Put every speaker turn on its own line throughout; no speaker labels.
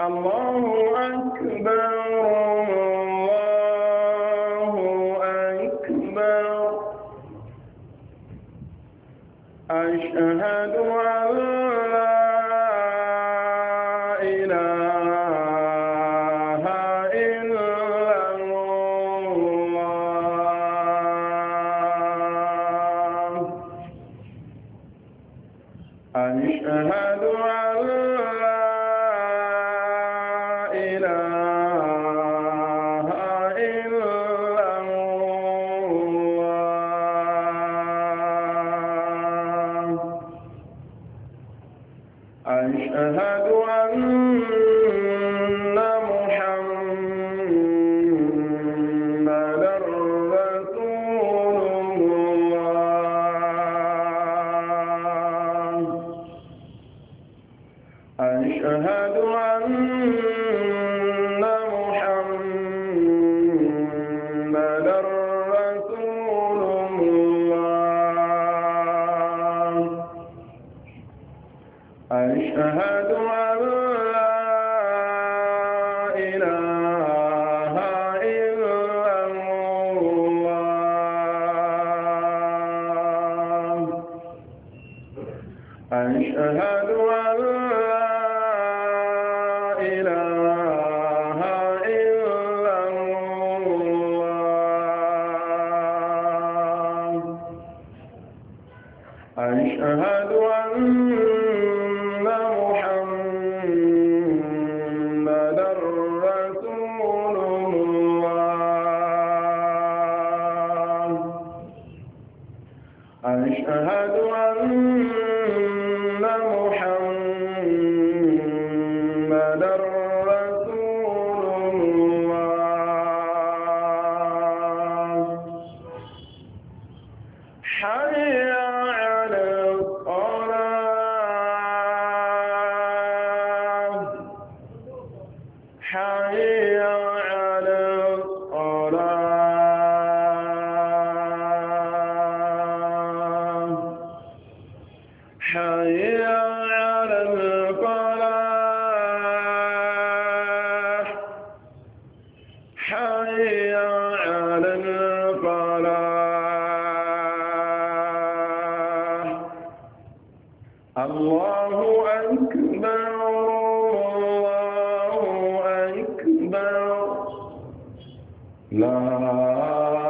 الله أكبر هذا لا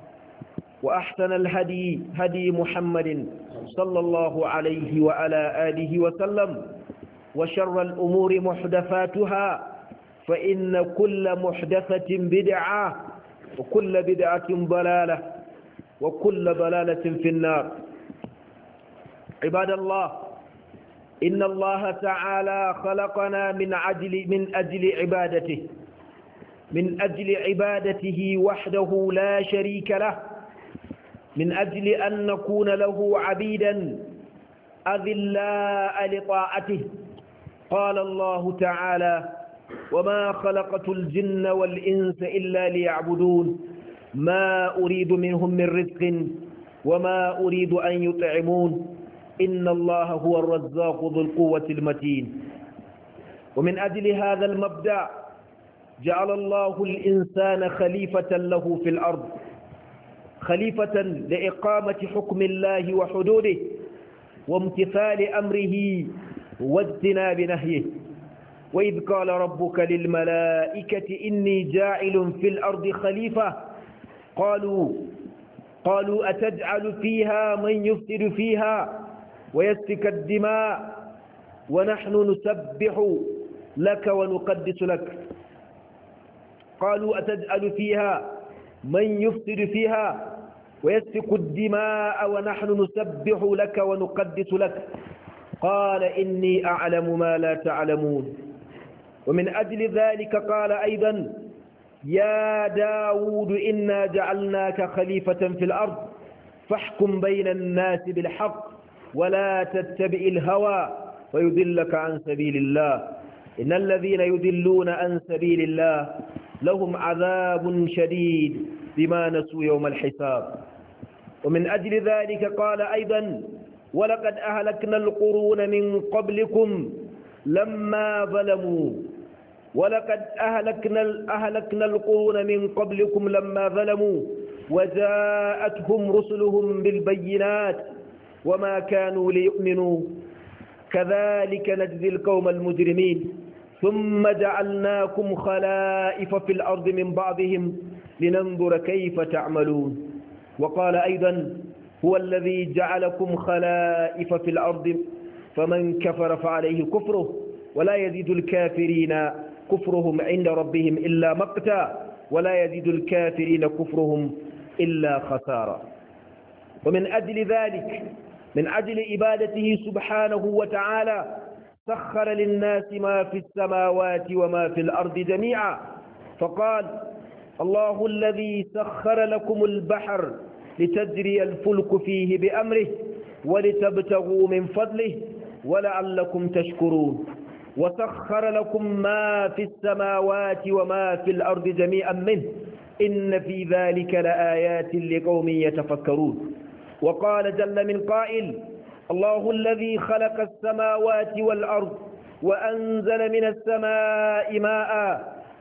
وأحسن الهدي هدي محمد صلى الله عليه وعلى آله وسلم وشر الأمور محدثاتها فإن كل محدثة بدعة وكل بدعة ضلالة وكل ضلالة في النار عباد الله إن الله تعالى خلقنا من عجل من أجل عبادته من أجل عبادته وحده لا شريك له من أجل أن نكون له عبيدا أذلاء لطاعته قال الله تعالى وما خلقت الجن والإنس إلا ليعبدون ما أريد منهم من رزق وما أريد أن يطعمون إن الله هو الرزاق ذو القوة المتين ومن أجل هذا المبدأ جعل الله الإنسان خليفة له في الأرض خليفة لإقامة حكم الله وحدوده وامتثال أمره واجتناب نهيه وإذ قال ربك للملائكة إني جاعل في الأرض خليفة قالوا قالوا أتجعل فيها من يفسد فيها ويسفك الدماء ونحن نسبح لك ونقدس لك قالوا أتجعل فيها من يفسد فيها ويسفك الدماء ونحن نسبح لك ونقدس لك قال إني أعلم ما لا تعلمون ومن أجل ذلك قال أيضا يا داود إنا جعلناك خليفة في الأرض فاحكم بين الناس بالحق ولا تتبع الهوى فيذلك عن سبيل الله إن الذين يضلون عن سبيل الله لهم عذاب شديد بما نسوا يوم الحساب ومن أجل ذلك قال أيضا ولقد أهلكنا القرون من قبلكم لما ظلموا ولقد أهلكنا, أهلكنا القرون من قبلكم لما ظلموا وجاءتهم رسلهم بالبينات وما كانوا ليؤمنوا كذلك نجزي القوم المجرمين ثم جعلناكم خلائف في الأرض من بعضهم لننظر كيف تعملون وقال أيضا هو الذي جعلكم خلائف في الأرض فمن كفر فعليه كفره ولا يزيد الكافرين كفرهم عند ربهم إلا مقتا ولا يزيد الكافرين كفرهم إلا خسارا ومن أجل ذلك من أجل إبادته سبحانه وتعالى سخر للناس ما في السماوات وما في الأرض جميعا فقال الله الذي سخر لكم البحر لتجري الفلك فيه بأمره ولتبتغوا من فضله ولعلكم تشكرون وسخر لكم ما في السماوات وما في الأرض جميعا منه إن في ذلك لآيات لقوم يتفكرون وقال جل من قائل الله الذي خلق السماوات والأرض وأنزل من السماء ماء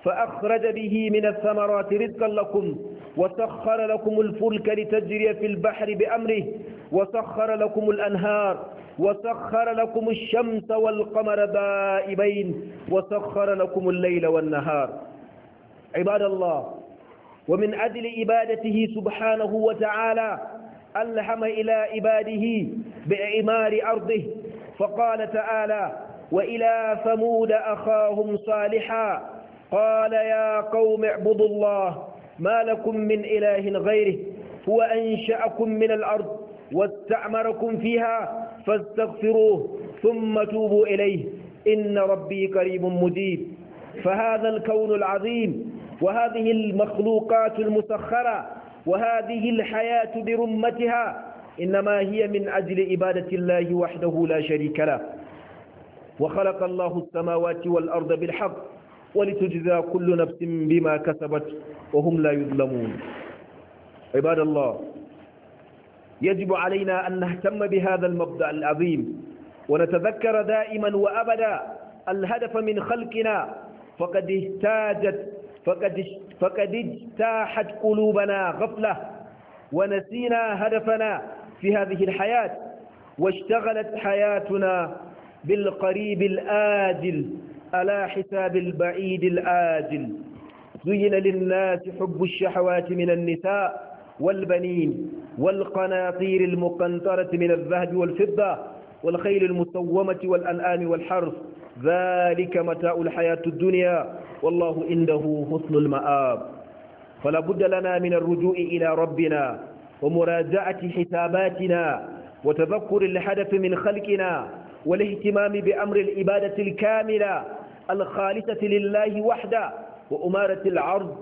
فأخرج به من الثمرات رزقا لكم وسخر لكم الفلك لتجري في البحر بأمره وسخر لكم الأنهار وسخر لكم الشمس والقمر دائبين وسخر لكم الليل والنهار عباد الله ومن أجل عبادته سبحانه وتعالى ألحم إلى عباده بإعمار أرضه فقال تعالى وإلى ثمود أخاهم صالحا قال يا قوم اعبدوا الله ما لكم من إله غيره هو أنشأكم من الأرض واستعمركم فيها فاستغفروه ثم توبوا إليه إن ربي قريب مجيب فهذا الكون العظيم وهذه المخلوقات المسخرة وهذه الحياة برمتها إنما هي من أجل إبادة الله وحده لا شريك له وخلق الله السماوات والأرض بالحق ولتجزى كل نفس بما كسبت وهم لا يظلمون عباد الله يجب علينا أن نهتم بهذا المبدأ العظيم ونتذكر دائما وأبدا الهدف من خلقنا فقد اهتاجت فقد فقد اجتاحت قلوبنا غفلة ونسينا هدفنا في هذه الحياة واشتغلت حياتنا بالقريب الآجل على حساب البعيد الآجل زين للناس حب الشحوات من النساء والبنين والقناطير المقنطرة من الذهب والفضة والخيل المسومة والأنعام والحرث ذلك متاع الحياة الدنيا والله عنده حسن المآب فلا بد لنا من الرجوع إلى ربنا ومراجعة حساباتنا وتذكر الحدث من خلقنا والاهتمام بأمر الإبادة الكاملة الخالصة لله وحده وأمارة العرض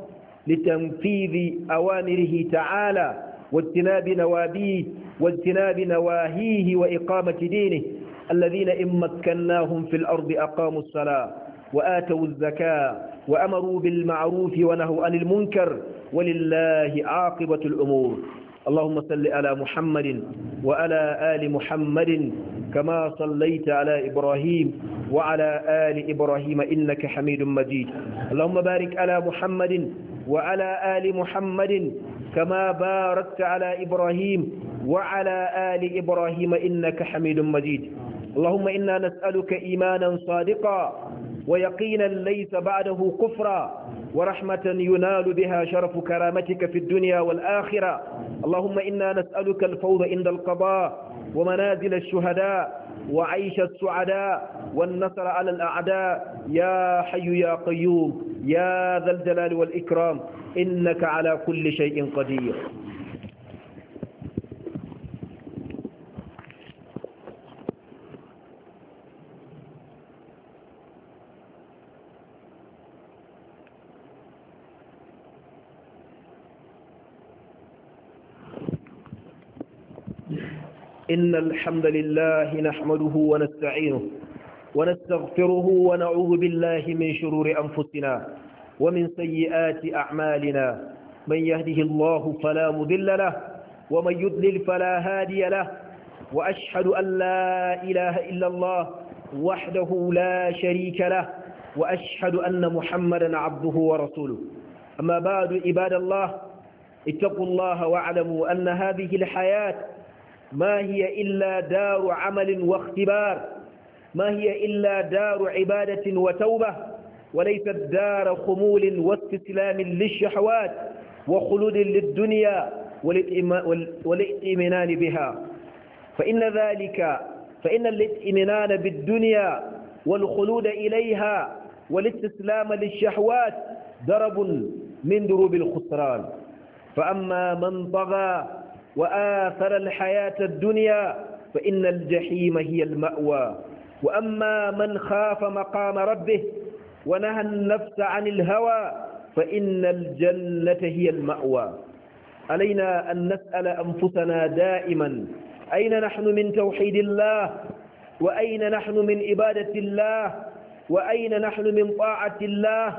لتنفيذ أوامره تعالى واجتناب نوابيه واجتناب نواهيه وإقامة دينه الذين إن مكناهم في الأرض أقاموا الصلاة وآتوا الزكاة وأمروا بالمعروف ونهوا عن المنكر ولله عاقبة الأمور اللهم صل على محمد وعلى آل محمد كما صليت على إبراهيم وعلى آل إبراهيم إنك حميد مجيد اللهم بارك على محمد وعلى آل محمد كما باركت على إبراهيم وعلى آل إبراهيم إنك حميد مجيد اللهم إنا نسألك إيمانا صادقا ويقينا ليس بعده كفرا ورحمة ينال بها شرف كرامتك في الدنيا والآخرة اللهم إنا نسألك الفوض عند القضاء ومنازل الشهداء وعيش السعداء والنصر على الأعداء يا حي يا قيوم يا ذا الجلال والإكرام إنك على كل شيء قدير إن الحمد لله نحمده ونستعينه ونستغفره ونعوذ بالله من شرور أنفسنا ومن سيئات أعمالنا من يهده الله فلا مضل له ومن يضلل فلا هادي له وأشهد أن لا إله إلا الله وحده لا شريك له وأشهد أن محمدا عبده ورسوله أما بعد عباد الله اتقوا الله واعلموا أن هذه الحياة ما هي إلا دار عمل واختبار ما هي إلا دار عبادة وتوبة وليست دار خمول واستسلام للشهوات وخلود للدنيا والائتمنان بها فإن ذلك فإن الائتمنان بالدنيا والخلود إليها والاستسلام للشهوات درب من دروب الخسران فأما من طغى وآثر الحياة الدنيا فإن الجحيم هي المأوى وأما من خاف مقام ربه ونهى النفس عن الهوى فإن الجنة هي المأوى علينا أن نسأل أنفسنا دائما أين نحن من توحيد الله وأين نحن من إبادة الله وأين نحن من طاعة الله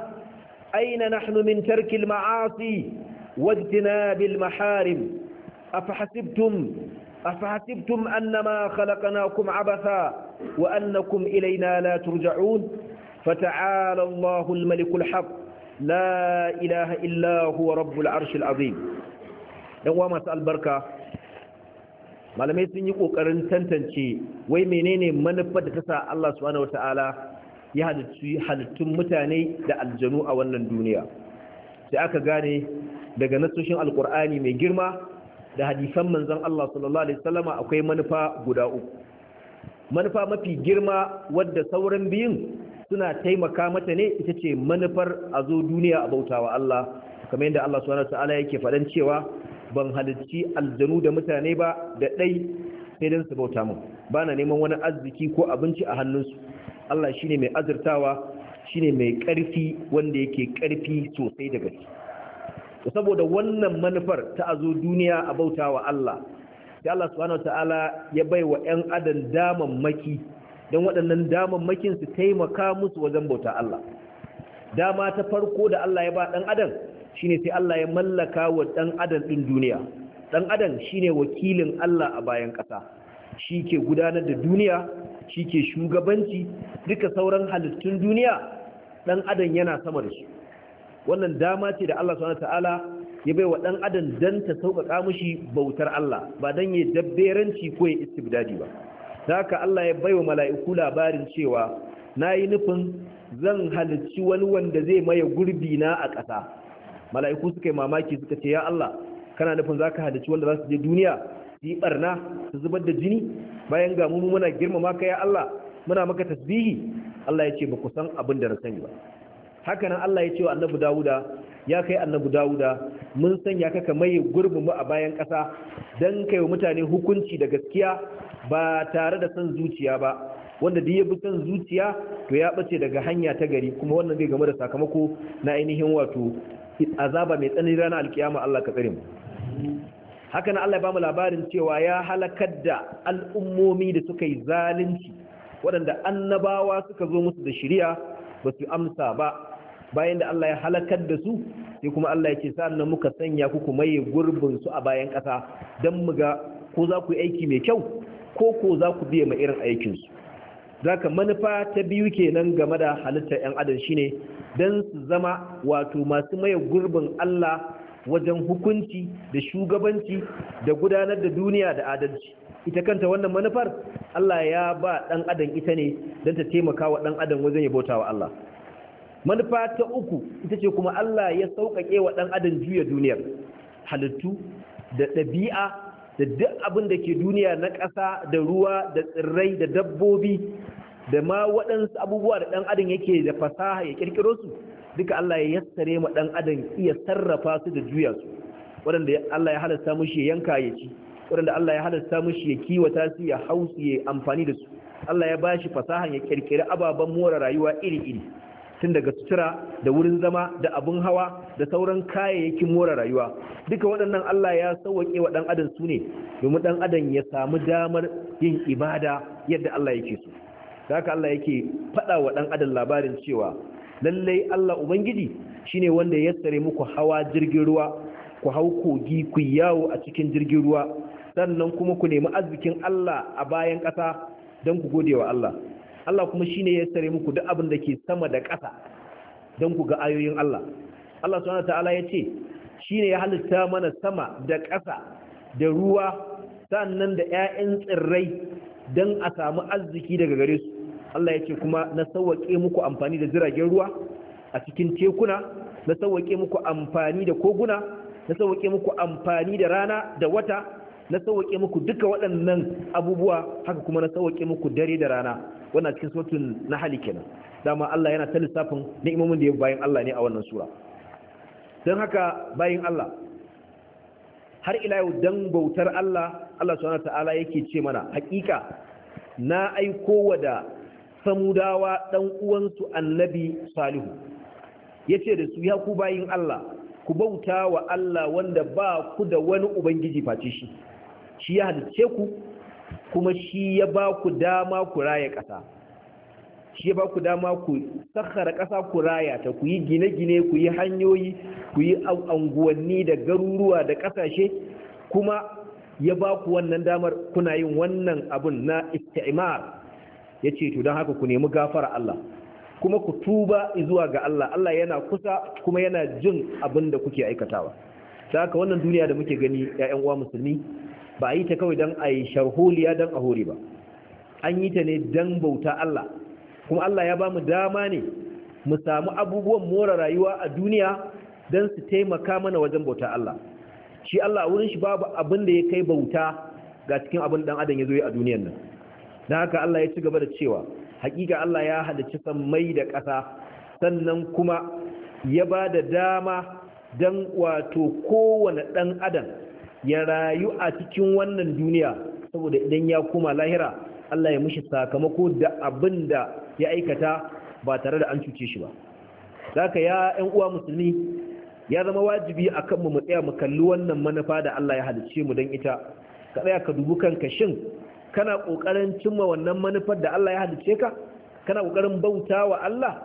أين نحن من ترك المعاصي واجتناب المحارم أفحسبتم أفحسبتم أنما خلقناكم عبثا وأنكم إلينا لا ترجعون فتعالى الله الملك الحق لا إله إلا هو رب العرش العظيم يوم مساء البركة malamai sun yi ƙoƙarin tantance wai menene manufar da ta sa Allah subhanahu wata'ala ya halittun mutane da aljanu a wannan duniya sai aka gane daga nasoshin alkur'ani mai girma da hadisan manzon Allah sallallahu alaihi wasallama akwai manufa guda uku manufa mafi girma wadda sauran biyun suna taimaka mata ne ita ce manufar a zo duniya a bautawa Allah kamar yadda Allah subhanahu ta'ala yake faɗan cewa ban halicci aljanu da mutane ba da ɗai sai dan su bauta min ba na neman wani arziki ko abinci a hannunsu Allah shine mai azurtawa shine mai ƙarfi wanda yake ƙarfi sosai da gaske saboda wannan manufar ta azo duniya a bauta wa Allah ya Allah subhanahu ta'ala ya bai wa ƴan adam damammaki don waɗannan damammakin su taimaka musu wajen bauta Allah dama ta farko da Allah ya ba ɗan adam shine sai Allah ya mallaka wa ɗan adam ɗin duniya ɗan adam shine wakilin Allah a bayan ƙasa shi ke gudanar da duniya shi ke shugabanci duka sauran halittun duniya ɗan adam yana sama da shi. wannan dama ce da Allah subhanahu ta'ala ya bai wa dan adam dan ta sauƙaƙa mishi bautar Allah ba dan ya dabberanci ko ya istibdadi ba haka Allah ya bai wa mala'iku labarin cewa nayi nufin zan halicci wani wanda zai maye gurbi na a ƙasa mala'iku suka yi mamaki suka ce ya Allah kana nufin zaka halicci wanda za su je duniya su yi barna su zubar da jini bayan ga mu muna girmama ka ya Allah muna maka tasbihi Allah ya ce ba ku san abin da na sani ba haka nan Allah ya ce wa annabi Dawuda ya kai annabi Dawuda mun sanya ka ka mai gurbin mu a bayan ƙasa dan kai mutane hukunci da gaskiya ba tare da san zuciya ba wanda duk ya bi san zuciya to ya bace daga hanya ta gari kuma wannan zai game da sakamako na ainihin wato azaba mai tsanani ranar alkiyama Allah ka tsare mu haka nan Allah ya bamu labarin cewa ya halakar da al'ummomi da suka yi zalunci waɗanda annabawa suka zo musu da shari'a ba su amsa ba bayan da Allah ya halakar da su sai kuma Allah ya ce sa'an muka sanya ku maye gurbin su a bayan ƙasa don mu ga ko za ku yi aiki mai kyau ko ko za ku biya ma irin aikin su zaka manufa ta biyu kenan game da halittar 'yan adam shine don su zama wato masu maye gurbin Allah wajen hukunci da shugabanci da gudanar da duniya da adalci ita kanta wannan manufar Allah ya ba ɗan adam ita ne don ta taimaka wa ɗan adam wajen ya bauta wa Allah manufa ta uku ita ce kuma Allah ya sauƙaƙe wa ɗan adam juya duniyar halittu da ɗabi'a da duk abin da ke duniya na ƙasa da ruwa da tsirrai da dabbobi da ma waɗansu abubuwa da ɗan adam yake da fasaha ya ƙirƙiro su duka Allah ya yassare ma ɗan adam iya sarrafa su da juya su waɗanda Allah ya halasta mushi ya yanka ya ci waɗanda Allah ya halasta mushi ya kiwata su ya hausu ya amfani da su Allah ya bashi fasahan ya ƙirƙiri ababen more rayuwa iri-iri tun daga sutura da wurin zama da abun hawa da sauran kayayyakin more rayuwa duka waɗannan Allah ya sauwaƙe wa ɗan adam su ne domin ɗan adam ya samu damar yin ibada yadda Allah yake so da haka Allah yake faɗa wa ɗan adam labarin cewa lallai Allah ubangiji shine wanda ya tsare muku hawa jirgin ruwa ku hau kogi ku yawo a cikin jirgin ruwa sannan kuma ku nemi arzikin Allah a bayan ƙasa don ku gode wa Allah Allah kuma shi ne ya sare muku duk abin da ke sama da ƙasa don ku ga ayoyin Allah Allah subhanahu ta'ala ya ce shi ne ya halitta mana sama da ƙasa da ruwa sannan da 'ya'yan tsirrai don a samu arziki daga gare su Allah ya ce kuma na sauwaƙe muku amfani da jiragen ruwa a cikin tekuna na sauwaƙe muku amfani da koguna na sauwaƙe muku amfani da rana da wata na sauwake muku duka waɗannan abubuwa haka kuma na sauwake muku dare da rana wannan cikin na hali kenan dama Allah yana ta lissafin ni'imomin da ya bayan Allah ne a wannan sura don haka bayan Allah har ila yau dan bautar Allah Allah subhanahu ta'ala yake ce mana hakika na aiko wa da samudawa dan uwansu annabi salihu yace da su ya ku bayin Allah ku bauta wa Allah wanda ba ku da wani ubangiji face shi shi ya halicce ku kuma shi ya ba ku dama ku raya ƙasa shi ya ba ku dama ku sakhara ƙasa ku raya ta ku yi gine-gine ku yi hanyoyi ku yi anguwanni da garuruwa da ƙasashe kuma ya ba ku wannan damar kuna yin wannan abun na istimar ya ce to don haka ku nemi gafara Allah kuma ku tuba zuwa ga Allah Allah yana kusa kuma yana jin abin da kuke aikatawa ta haka wannan duniya da muke gani ‘ya'yan uwa musulmi ba a yi ta kawai don a yi sharholiya don a hore ba an yi ta ne don bauta Allah kuma Allah ya ba mu dama ne mu samu abubuwan more rayuwa a duniya don su taimaka mana wajen bauta Allah shi Allah a wurin shi babu abin da ya kai bauta ga cikin abin dan adam ya zo a duniyan nan don haka Allah ya ci gaba da cewa hakika Allah ya halicci sammai da ƙasa sannan kuma ya ba da dama don wato kowane ɗan adam ya rayu a cikin wannan duniya saboda idan ya koma lahira Allah ya mushi sakamako da abin da ya aikata ba tare da an cuce shi ba zaka ya 'yan uwa musulmi ya zama wajibi a kan mu tsaya mu kalli wannan manufa da Allah ya halicce mu don ita ka tsaya ka dubi kanka shin kana ƙoƙarin cimma wannan manufar da Allah ya halicce ka kana kokarin bauta wa Allah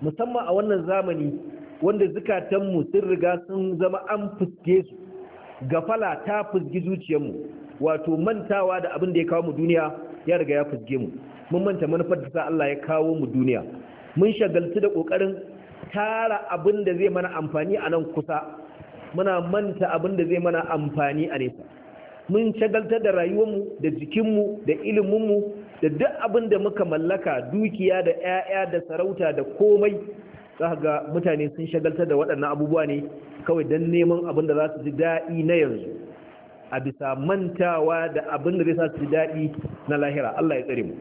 musamman a wannan zamani wanda zukatanmu sun riga sun zama an fuske su gafala ta fusgi zuciyarmu wato mantawa da abin da ya kawo mu duniya ya riga ya fusge mu mun manta manufar da sa Allah ya kawo mu duniya mun shagaltu da kokarin tara abin da zai mana amfani a nan kusa muna manta abin da zai mana amfani a nesa mun shagaltar da rayuwarmu da jikinmu da iliminmu da duk abin da muka mallaka dukiya da 'ya'ya da sarauta da komai za ga mutane sun shagaltar da waɗannan abubuwa ne kawai don neman abin da za su ji daɗi na yanzu a bisa mantawa da abin da zai sa su ji daɗi na lahira Allah ya tsare mu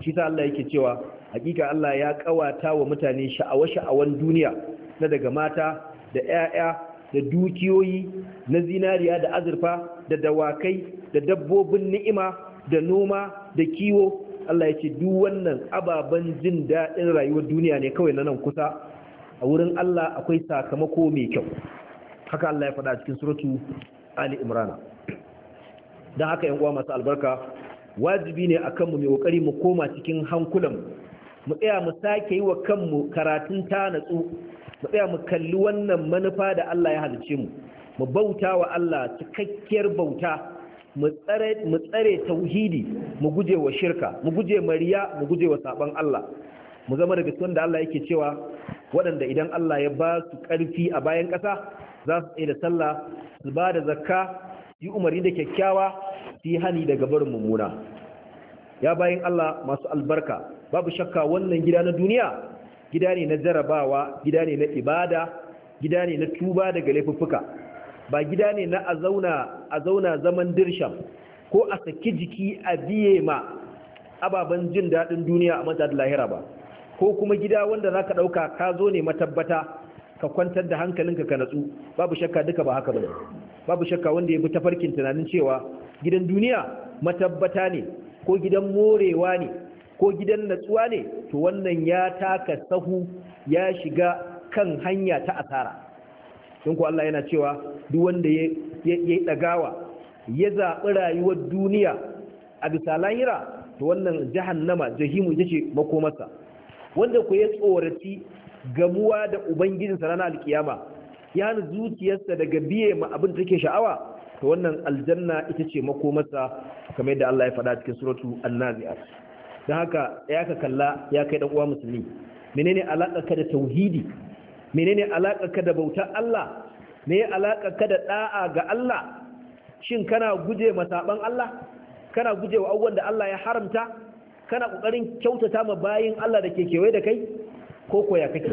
shi ta Allah yake cewa hakika Allah ya kawata wa mutane sha'awa-sha'awan duniya na daga mata da 'ya'ya da dukiyoyi na zinariya da azurfa da dawakai da dabbobin ni'ima da noma da kiwo Allah ya ce duk wannan ababen jin daɗin rayuwar duniya ne kawai na nan kusa a wurin Allah akwai sakamako mai kyau haka Allah ya faɗa cikin suratu Ali Imran dan haka yan uwa masu albarka wajibi ne akan mu mai kokari mu koma cikin hankulan mu tsaya mu sake yi wa kanmu karatun ta natsu mu tsaya mu kalli wannan manufa da Allah ya halice mu mu bauta wa Allah cikakkiyar bauta mu tsare tauhidi mu guje wa shirka mu guje mariya mu guje wa saban Allah mu zama daga cikin da Allah yake cewa waɗanda idan Allah ya ba su ƙarfi a bayan ƙasa za su tsaye da sallah su ba da zakka yi umarni da kyakkyawa su yi hani daga barin mummuna ya bayan Allah masu albarka babu shakka wannan gida na duniya gida ne na jarabawa gida ne na ibada gida ne na tuba daga laifuffuka ba gida ne na a zauna zaman dirsham ko a saki jiki a biye ma ababen jin daɗin duniya a mata da lahira ba ko kuma gida wanda za ka ɗauka ka zo ne matabbata ka kwantar da hankalinka ka natsu babu shakka duka ba haka bane babu shakka wanda ya bi tafarkin tunanin cewa gidan duniya matabbata ne ko gidan morewa ne ko gidan natsuwa ne to wannan ya taka sahu ya shiga kan hanya ta asara don ku Allah yana cewa duk wanda ya yi dagawa ya zaɓi rayuwar duniya a bisa lahira to wannan jahannama jahimu ita ce makomarsa wanda ku ya tsoraci gamuwa da ubangijinsa ranar alkiyama ya hana zuciyarsa daga biye ma abin da take sha'awa to wannan aljanna ita ce makomarsa kamar yadda Allah ya faɗa cikin suratu annaziat dan haka ya ka kalla ya kai dan uwa musulmi menene ka da tauhidi menene ka da bautar Allah me ka da da'a ga Allah shin kana guje masaban Allah kana guje wa abubuwan da Allah ya haramta kana kokarin kyautata ma bayin Allah da ke kewaye da kai ko ya kake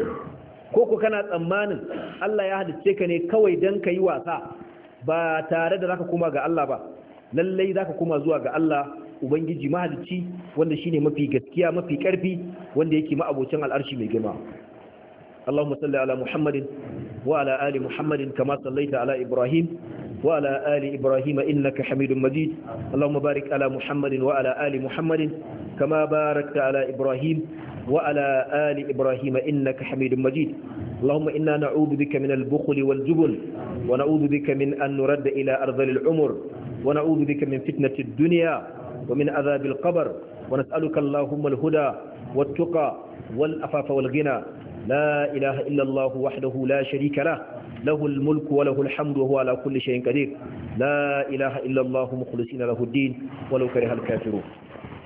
ko ko kana tsammanin Allah ya halicce ka ne kawai dan ka yi wasa ba tare da zaka koma ga Allah ba lallai zaka koma zuwa ga Allah ubangiji mahalicci wanda shine mafi gaskiya mafi karfi wanda yake ma'abocin al'arshi mai girma اللهم صل على محمد وعلى آل محمد كما صليت على إبراهيم وعلى آل إبراهيم إنك حميد مجيد اللهم بارك على محمد وعلى آل محمد كما باركت على إبراهيم وعلى آل إبراهيم إنك حميد مجيد اللهم إنا نعوذ بك من البخل والجبن ونعوذ بك من أن نرد إلى أرض العمر ونعوذ بك من فتنة الدنيا ومن عذاب القبر ونسألك اللهم الهدى والتقى والأفاف والغنى لا إله إلا الله وحده لا شريك له له الملك وله الحمد وهو على كل شيء قدير لا إله إلا الله مخلصين له الدين ولو كره الكافرون